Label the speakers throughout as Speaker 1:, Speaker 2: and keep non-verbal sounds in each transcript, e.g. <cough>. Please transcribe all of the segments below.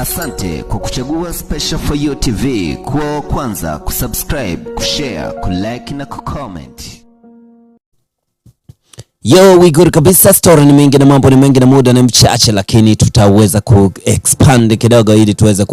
Speaker 1: Asante kwa kuchagua Special For You TV kuwa wa kwanza kusubscribe, kushare, kulike na kucomment. Yo, we good kabisa. Story ni mingi na mambo ni mengi na muda ni mchache, lakini tutaweza expand kidogo ili tuweze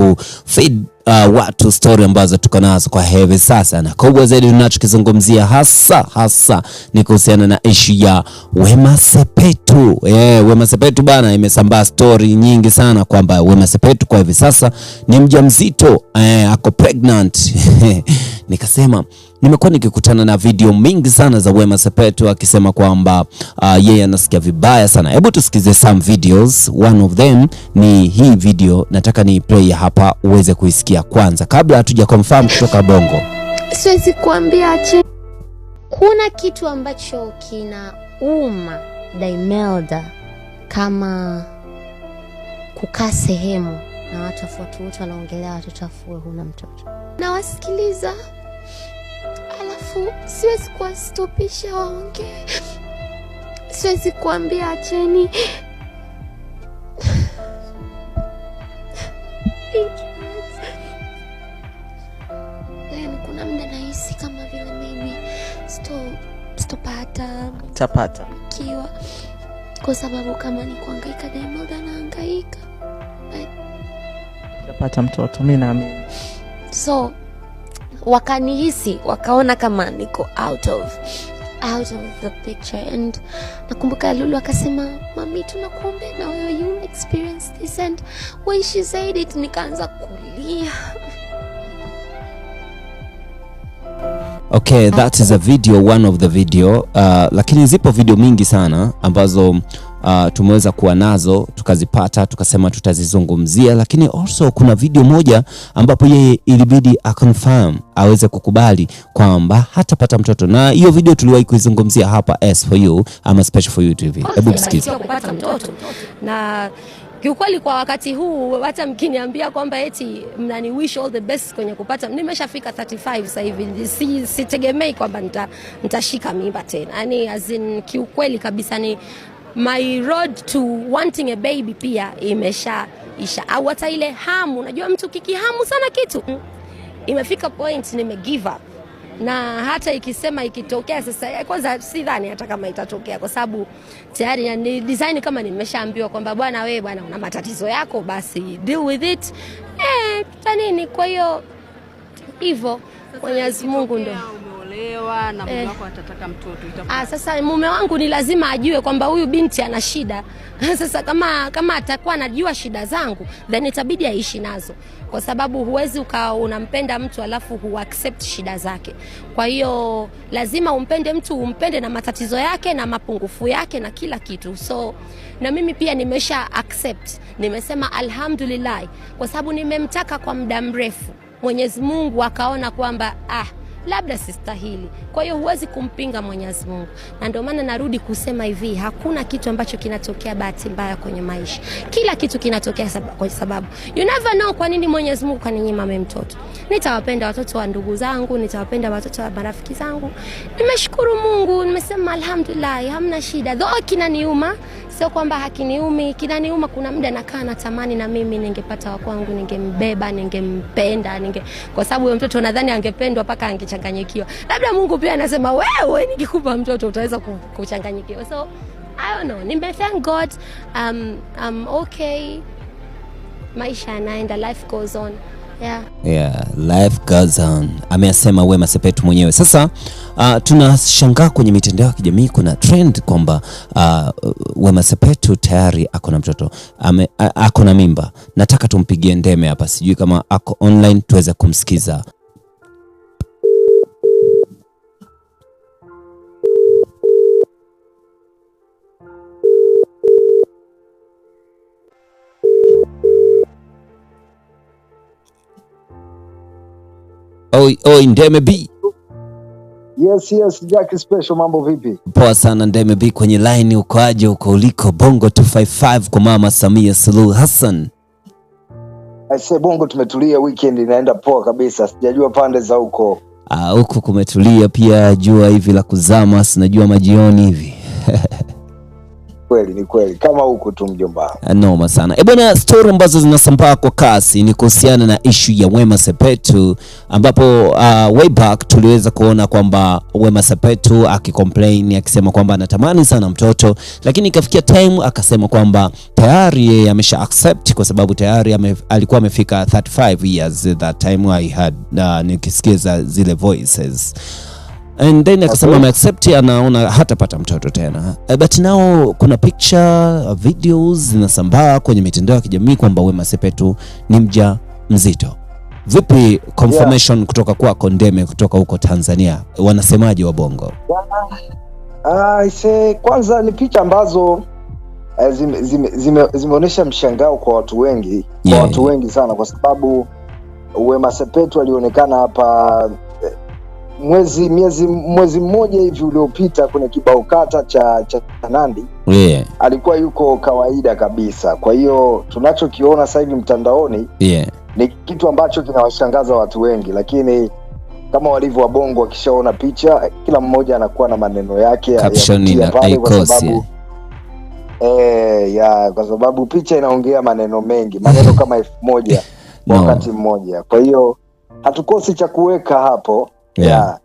Speaker 1: feed uh, watu story ambazo tuko nazo kwa hivi sasa, na kubwa zaidi tunachokizungumzia hasa hasa ni kuhusiana na ishu ya Wema Sepetu. Yeah, Wema Sepetu bana, imesambaa story nyingi sana kwamba Wema Sepetu kwa hivi sasa ni mjamzito eh, ako pregnant <laughs> nikasema Nimekuwa nikikutana na video mingi sana za Wema Sepetu akisema kwamba uh, yeye anasikia vibaya sana. Hebu tusikize some videos. One of them ni hii video, nataka ni play hapa uweze kuisikia kwanza, kabla hatuja confirm kutoka Bongo.
Speaker 2: Siwezi kuambia ache. Kuna kitu ambacho kina uma Daimelda kama kukaa sehemu na watu wote wanaongelea watu tofauti, huna mtoto nawasikiliza, alafu siwezi kuwastopisha waongee, siwezi kuambia acheni. kuna mda nahisi kama vile mimi sitopata tapata kiwa, kwa sababu kama ni kuangaika Diamond anaangaika
Speaker 1: tapata mtoto, mi naamini
Speaker 2: so wakanihisi, wakaona kama niko out of out of the picture and nakumbuka Lulu akasema, mami, tunakuombea na wewe you experience this and when she said it, nikaanza kulia.
Speaker 1: Okay, that is a video, one of the video uh, lakini zipo video mingi sana ambazo uh, tumeweza kuwa nazo tukazipata, tukasema tutazizungumzia, lakini also kuna video moja ambapo yeye ilibidi aconfirm aweze kukubali kwamba hatapata mtoto, na hiyo video tuliwahi kuizungumzia hapa S for you ama Special for you TV.
Speaker 3: Hebu msikize. Kupata mtoto na kiukweli kwa wakati huu hata mkiniambia kwamba eti mnani wish all the best kwenye kupata, nimeshafika 35 sasa hivi, si sitegemei kwamba nitashika mimba tena, yani as in kiukweli kabisa ni my road to wanting a baby pia imeshaisha, au hata ile hamu. Unajua mtu kikihamu sana kitu, imefika point nime give up na hata ikisema ikitokea sasa, kwanza dhani hata kama itatokea, kwa sababu tayari ni design kama nimeshaambiwa kwamba bwana, wewe bwana, una matatizo yako, basi deal with it eh, tutanini. Kwa hiyo hivyo Mwenyezi Mungu ndio
Speaker 4: ndoa na mume eh. wako atataka mtoto itakuwa.
Speaker 3: Ah, sasa mume wangu ni lazima ajue kwamba huyu binti ana shida. <laughs> Sasa kama kama atakuwa anajua shida zangu, then itabidi aishi nazo, kwa sababu huwezi ukawa unampenda mtu alafu hu accept shida zake. Kwa hiyo lazima umpende mtu, umpende na matatizo yake na mapungufu yake na kila kitu. So na mimi pia nimesha accept, nimesema alhamdulillah, kwa sababu nimemtaka kwa muda mrefu. Mwenyezi Mungu akaona kwamba ah labda sistahili. Kwa hiyo huwezi kumpinga Mwenyezi Mungu, na ndio maana narudi kusema hivi, hakuna kitu ambacho kinatokea bahati mbaya kwenye maisha. Kila kitu kinatokea kwa sababu, you never know. Kwa nini Mwenyezi Mungu kaninyima mimi mtoto? Nitawapenda watoto wa ndugu zangu, nitawapenda watoto wa marafiki zangu. Nimeshukuru Mungu, nimesema alhamdulillah, hamna shida, dhoki na niuma Sio kwamba hakiniumi, kinaniuma. Kuna muda nakaa natamani na mimi ningepata wa kwangu, ningembeba, ningempenda, ninge kwa sababu huyo mtoto nadhani angependwa mpaka angechanganyikiwa. Labda Mungu pia anasema wewe, nikikupa mtoto utaweza kuchanganyikiwa. So I don't know, nime thank God um, um, okay, maisha yanaenda, life goes on. Yeah.
Speaker 1: Yeah, life goes on. Ameasema Wema Sepetu mwenyewe. Sasa uh, tunashangaa kwenye mitandao ya kijamii kuna trend kwamba uh, Wema Sepetu tayari ako na mtoto. Ame, ako na mimba. Nataka tumpigie ndeme hapa, sijui kama ako online tuweze kumsikiza. o Ndeme B.
Speaker 5: Yes, yes, Jack Special, mambo vipi?
Speaker 1: Poa sana Ndeme B kwenye line, ukoaje uko uliko? Bongo 255 kwa Mama Samia Suluhu Hassan.
Speaker 5: Aise, Bongo tumetulia, weekend inaenda poa kabisa, sijajua pande za huko
Speaker 1: ah, huku kumetulia pia, jua hivi la kuzama, sinajua majioni hivi <laughs>
Speaker 5: Kweli ni kweli, kama huku tu mjomba.
Speaker 1: Noma sana. E bwana, stori ambazo zinasambaa kwa kasi ni kuhusiana na ishu ya Wema Sepetu ambapo uh, way back tuliweza kuona kwamba Wema Sepetu akicomplain akisema kwamba anatamani sana mtoto, lakini ikafikia time akasema kwamba tayari yeye amesha accept kwa sababu tayari ame, alikuwa amefika 35 years that time I had uh, nikisikiza zile voices and then akasema accept anaona hatapata mtoto tena, eh, but now kuna picture uh, videos zinasambaa kwenye mitandao ya kijamii kwamba Wema Sepetu ni mja mzito. Vipi confirmation yeah. kutoka kwako Ndeme, kutoka huko Tanzania, wanasemaje bongo
Speaker 5: yeah. uh, ah, kwanza ni picha ambazo zimeonyesha zime, zime, zime mshangao kwa watu wengi yeah. watu wengi sana, kwa sababu Wema Sepetu alionekana hapa mwezi miezi mwezi mmoja hivi uliopita kwenye kibao kata cha, cha Nandi yeah. Alikuwa yuko kawaida kabisa. Kwa hiyo tunachokiona sasa hivi mtandaoni yeah. Ni kitu ambacho kinawashangaza watu wengi, lakini kama walivyo wabongo wakishaona picha, kila mmoja anakuwa na maneno yake
Speaker 1: ya pale, kwa sababu
Speaker 5: eh, ya kwa sababu picha inaongea maneno mengi, maneno kama <laughs> elfu moja no. wakati mmoja. Kwa hiyo hatukosi cha kuweka hapo
Speaker 1: yeah.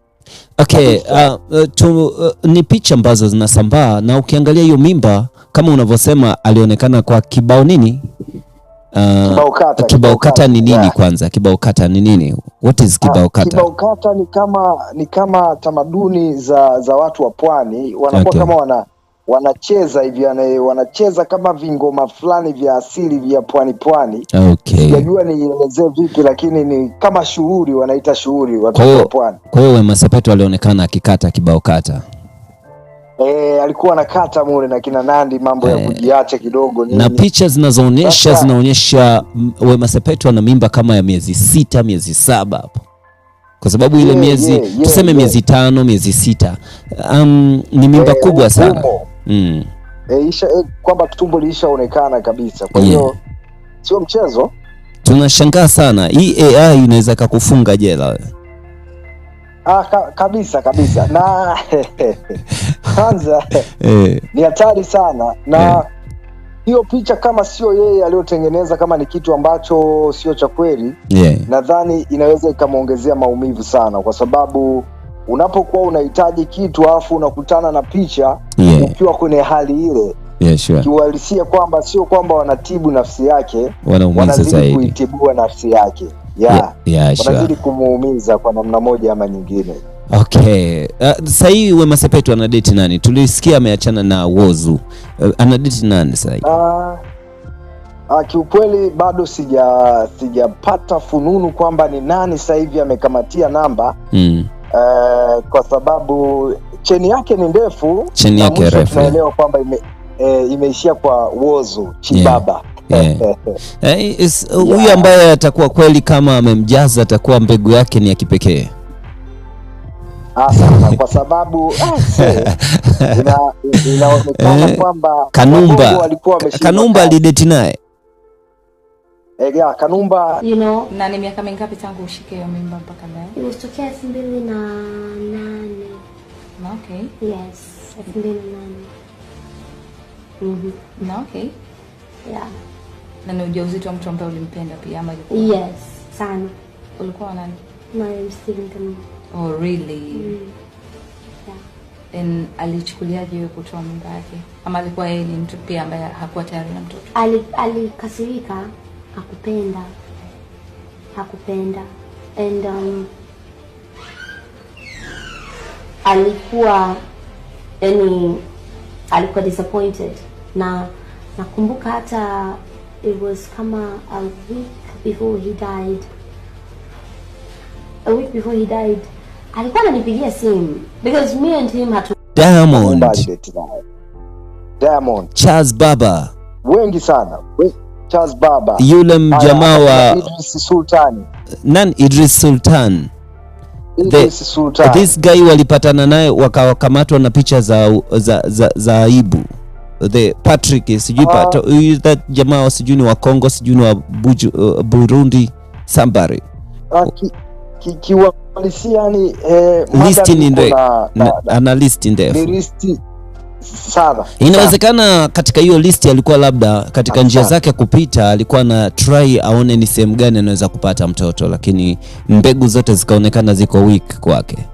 Speaker 1: Okay, uh, uh, tu, uh, ni picha ambazo zinasambaa na ukiangalia hiyo mimba kama unavyosema alionekana kwa kibao nini?
Speaker 5: Uh, kibao kata,
Speaker 1: kibao kata ni nini yeah. Kwanza kibao kata ni nini? What is ah, kibao kata?
Speaker 5: Kibao kata ni kama, ni kama tamaduni za, za watu wa pwani wanakuwa okay. kama wana wanacheza hivi wanacheza kama vingoma fulani vya asili vya pwani pwani. Okay, nielezee vipi, lakini ni kama shughuli wanaita shughuli
Speaker 1: wa pwani. Kwa hiyo Wema Sepetu alionekana akikata kibao kata
Speaker 5: E, alikuwa anakata mule na kina Nandi mambo e, ya kujiacha kidogo
Speaker 1: nini. Na picha zinazoonyesha zinaonyesha Wema Sepetu ana mimba kama ya miezi sita miezi saba hapo, kwa sababu ile yeah, miezi yeah, tuseme yeah. miezi tano miezi sita um, ni mimba yeah, kubwa sana umo mm.
Speaker 5: E, isha, e, kwamba tumbo lilishaonekana kabisa, kwa hiyo yeah. Sio mchezo.
Speaker 1: Tunashangaa sana hii AI inaweza kakufunga jela.
Speaker 5: Ah, ka, kabisa kabisa <laughs> na <laughs> kwanza eh. ni hatari sana na hiyo picha kama sio yeye aliyotengeneza, kama ni kitu ambacho sio cha kweli yeah. Nadhani inaweza ikamwongezea maumivu sana, kwa sababu unapokuwa unahitaji kitu alafu unakutana na picha yeah. Ukiwa kwenye hali ile yeah, sure. kwamba sio kwamba wanatibu nafsi yake, wanaumiza zaidi, kuitibua nafsi yake yeah. Yeah,
Speaker 1: yeah, sure. Wanazidi
Speaker 5: kumuumiza kwa namna moja ama nyingine.
Speaker 1: Okay. Uh, sasa Wema Sepetu anadeti nani? Tulisikia ameachana na wozu Uh, anadeti nani sasa hivi?
Speaker 5: Uh, ah, uh, kiukweli bado sija sijapata fununu kwamba ni nani sasa hivi amekamatia namba mm. Uh, kwa sababu cheni yake ni ndefu,
Speaker 1: cheni yake refu.
Speaker 5: Tunaelewa kwamba ime, e, imeishia kwa wozu chibaba yeah. Yeah.
Speaker 1: Hey, <laughs> eh, is, uh, yeah. Huyu ambaye atakuwa kweli kama amemjaza atakuwa mbegu yake ni ya kipekee
Speaker 5: ah, sana kwa sababu <laughs> eh, ina, inaonekana kwamba
Speaker 1: Kanumba Kanumba alideti naye
Speaker 5: Kanumba
Speaker 6: you know, na ni miaka mingapi tangu ushike hiyo mimba mpaka leo?
Speaker 7: imetokea elfu mbili na nane Okay. Yes, I've been
Speaker 6: Mm -hmm. Na okay. Yeah. Na ni ujauzito wa mtu ambaye ulimpenda pia ama ilikuwa?
Speaker 7: Yes, sana. Ulikuwa na nani? Mariam Stevenson.
Speaker 6: Oh, really?
Speaker 7: Mm. Yeah.
Speaker 6: And alichukuliaje wewe kutoa mimba yake? Ama alikuwa yeye ni mtu pia ambaye hakuwa tayari na mtoto?
Speaker 7: Ali, alikasirika, hakupenda. Hakupenda. And um, alikuwa yani alikuwa disappointed na nakumbuka hata it was kama a week before he died a week before he died alikuwa ananipigia simu because me and him hatu
Speaker 1: Diamond Diamond Charles Baba
Speaker 5: wengi sana Charles Baba
Speaker 1: yule mjamaa wa
Speaker 5: Idris Sultan
Speaker 1: nan Idris Sultan
Speaker 5: the,
Speaker 1: this guy walipatana naye wakawakamatwa na picha za, za, za, za aibu the Patrick sijui uh, pat, that jamaa sijui ni wa Kongo sijui ni wa Buju, uh, Burundi somebody
Speaker 5: ah, kiuhalisia ni eh,
Speaker 1: listi ni ndefu ana listi ndefu
Speaker 5: Sawa.
Speaker 1: Inawezekana katika hiyo listi alikuwa labda katika Sawa. njia zake kupita alikuwa na try aone ni sehemu gani anaweza kupata mtoto, lakini mbegu zote zikaonekana ziko weak kwake.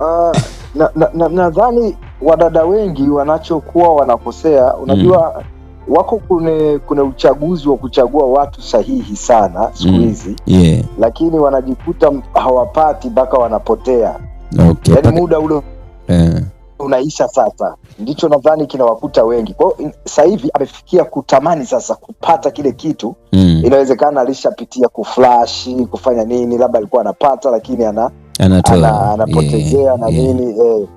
Speaker 5: uh, <laughs> ah, nadhani na, na, na wadada wengi wanachokuwa wanakosea, unajua mm wako kune, kuna uchaguzi wa kuchagua watu sahihi sana siku mm. hizi mm, yeah. Lakini wanajikuta hawapati mpaka wanapotea okay, yani muda ule yeah unaisha sasa, ndicho nadhani kinawakuta wengi. kwao sasa hivi amefikia kutamani sasa kupata kile kitu mm. Inawezekana alishapitia kuflashi kufanya nini, labda alikuwa anapata lakini ana anapotezea ana, ana yeah, na yeah. nini eh.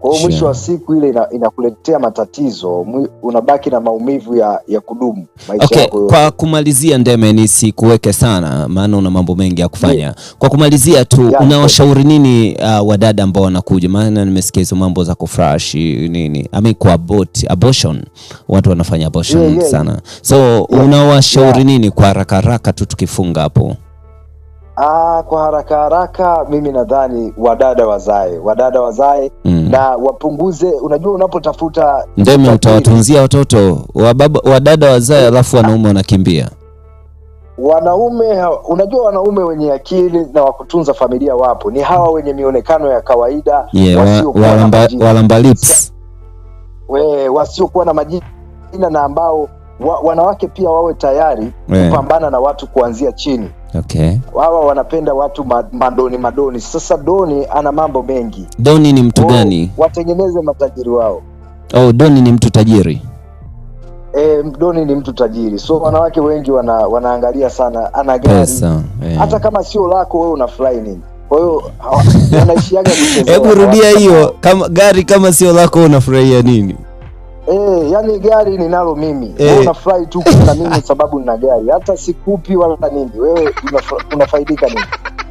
Speaker 5: Kwa hiyo mwisho wa siku ile ina, inakuletea matatizo, unabaki na maumivu ya, ya kudumu
Speaker 1: maisha okay. Yako kwa kumalizia, Ndeme, ni sikuweke sana, maana una mambo mengi ya kufanya yeah. Kwa kumalizia tu yeah, unawashauri nini uh, wadada ambao wanakuja, maana nimesikia hizo mambo za kufresh nini, I mean kwa bot, abortion, watu wanafanya abortion yeah, yeah, sana so yeah, unawashauri yeah, nini kwa haraka haraka tu tukifunga hapo
Speaker 5: Ah, kwa haraka haraka mimi nadhani wadada wazae, wadada wazae mm. na wapunguze. Unajua, unapotafuta
Speaker 1: ndeme utawatunzia watoto wababa, wadada wazae, alafu wanaume wanakimbia.
Speaker 5: Wanaume unajua, wanaume wenye akili na wakutunza familia wapo, ni hawa wenye mionekano ya kawaida
Speaker 1: yeah, walamba lips
Speaker 5: we wasiokuwa na majina na ambao wa, wanawake pia wawe tayari yeah. kupambana na watu kuanzia chini Okay. Wawa wanapenda watu madoni madoni. Sasa doni ana mambo mengi.
Speaker 1: Doni ni mtu gani?
Speaker 5: Watengeneze matajiri wao.
Speaker 1: Oh, doni ni mtu tajiri.
Speaker 5: E, doni ni mtu tajiri, so wanawake wengi wana, wanaangalia sana ana
Speaker 1: gari hata
Speaker 5: yeah. Hata kama sio lako wewe unafurahi nini? Kwa hiyo wanaishiaga.
Speaker 1: <laughs> Hebu rudia hiyo, kama gari kama sio lako unafurahia nini?
Speaker 5: Eh, yani gari ninalo mimi. Eh. Unafurahi tu kuna mimi sababu nina gari. Hata sikupi wala nini. Wewe unafaidika nini?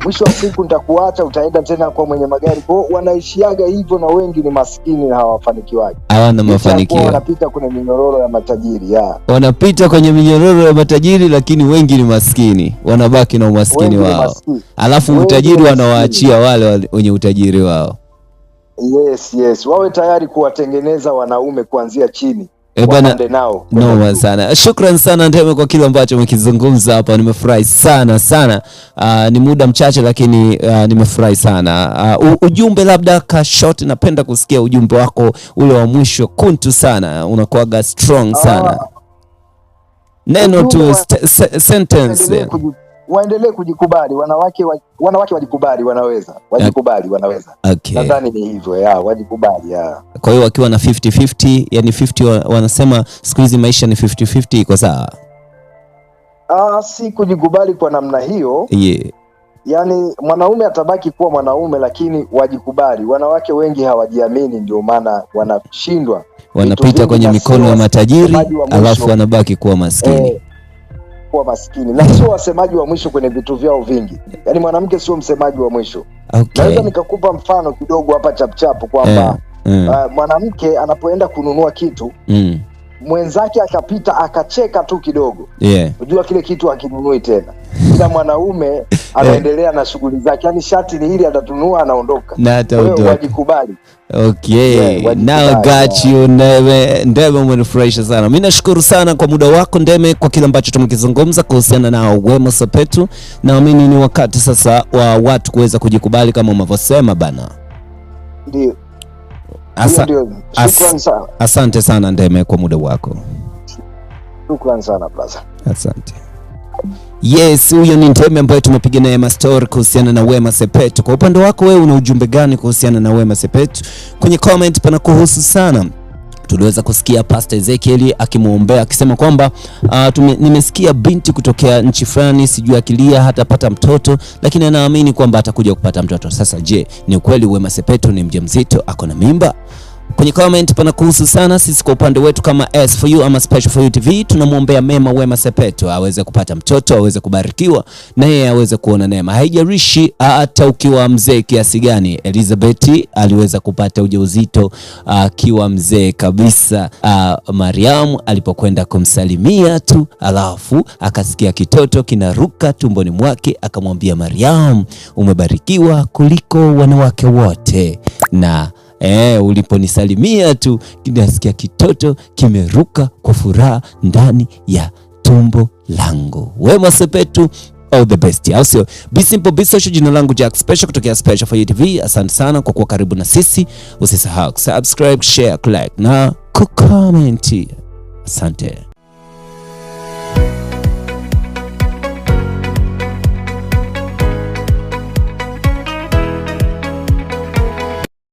Speaker 5: Mwisho wa siku nitakuacha, utaenda tena kwa mwenye magari. Kwa wanaishiaga hivyo, na wengi ni maskini na hawafanikiwaji,
Speaker 1: hawana mafanikio,
Speaker 5: wanapita kwenye minyororo ya matajiri ya.
Speaker 1: Wanapita kwenye minyororo ya matajiri, lakini wengi ni maskini, wanabaki na umaskini wengi wao, alafu utajiri wanawaachia wale wenye utajiri wao.
Speaker 5: Yes, yes, wawe tayari kuwatengeneza wanaume kuanzia chini.
Speaker 1: Eh, noma sana. Eh, shukran sana Ndeme kwa kile ambacho umekizungumza hapa, nimefurahi sana sana. Uh, ni muda mchache lakini uh, nimefurahi sana uh, ujumbe labda ka short, napenda kusikia ujumbe wako ule wa mwisho kuntu sana, unakuaga strong sana. neno tu sentence
Speaker 5: waendelee kujikubali wanawake, wa, wanawake wajikubali, wanaweza wajikubali, wanaweza okay. Nadhani ni hivyo ya wajikubali ya.
Speaker 1: Kwa hiyo wakiwa na 50-50, yani 50 wanasema siku hizi maisha ni 50-50, iko sawa?
Speaker 5: Ah, si kujikubali kwa namna hiyo yeah. yani mwanaume atabaki kuwa mwanaume, lakini wajikubali. Wanawake wengi hawajiamini, ndio maana wanashindwa,
Speaker 1: wanapita kwenye mikono ya matajiri, alafu wanabaki kuwa maskini eh
Speaker 5: kuwa maskini na sio wasemaji wa mwisho kwenye vitu vyao vingi. Yaani mwanamke sio msemaji wa mwisho. Okay. Naweza nikakupa mfano kidogo hapa chapchapu kwamba yeah. eh, uh, mwanamke anapoenda kununua kitu mm, mwenzake akapita akacheka tu kidogo, yeah, ujua kile kitu akinunui tena kila eh. mwanaume <laughs> eh. anaendelea na shughuli zake, yani shati ni hili, atatunua anaondoka
Speaker 1: na ataondoka.
Speaker 5: Wajikubali.
Speaker 1: Okay, yeah, now got you Ndeme. Ndeme umenifurahisha sana. Mimi nashukuru sana kwa muda wako Ndeme, kwa kile ambacho tumekizungumza kuhusiana na Wema Sepetu. Naamini ni wakati sasa wa watu kuweza kujikubali kama unavyosema bana. Ndio. Asa, as, asante sana Ndeme kwa muda wako.
Speaker 5: Shukrani sana brother.
Speaker 1: Asante. Yes, huyo ni Ntemi ambaye tumepiga naye mastori kuhusiana na Wema Sepetu. Kwa upande wako wewe una ujumbe gani kuhusiana na Wema Sepetu? Kwenye comment pana kuhusu sana. Tuliweza kusikia Pastor Ezekiel akimwombea akisema kwamba uh, nimesikia binti kutokea nchi fulani, sijui akilia hatapata mtoto, lakini anaamini kwamba atakuja kupata mtoto. Sasa je, ni ukweli Wema Sepetu ni mjamzito, ako na mimba? Kwenye comment pana kuhusu sana. Sisi kwa upande wetu kama S4U ama Special For You TV tunamwombea mema Wema Sepetu, aweze kupata mtoto, aweze kubarikiwa na yeye aweze kuona neema. Haijarishi hata ukiwa mzee kiasi gani. Elizabeth aliweza kupata ujauzito ah, akiwa mzee kabisa. Ah, Mariamu alipokwenda kumsalimia tu, alafu akasikia kitoto kinaruka tumboni mwake, akamwambia Mariamu, umebarikiwa kuliko wanawake wote na E, uliponisalimia tu nasikia kitoto kimeruka kwa furaha ndani ya tumbo langu. Wema Sepetu, all the best. Au sio? Be simple, be social. Jina langu Jack Special kutokea Special for TV. Asante sana kwa kuwa karibu na sisi. Usisahau subscribe, share, like na kucomment. Asante.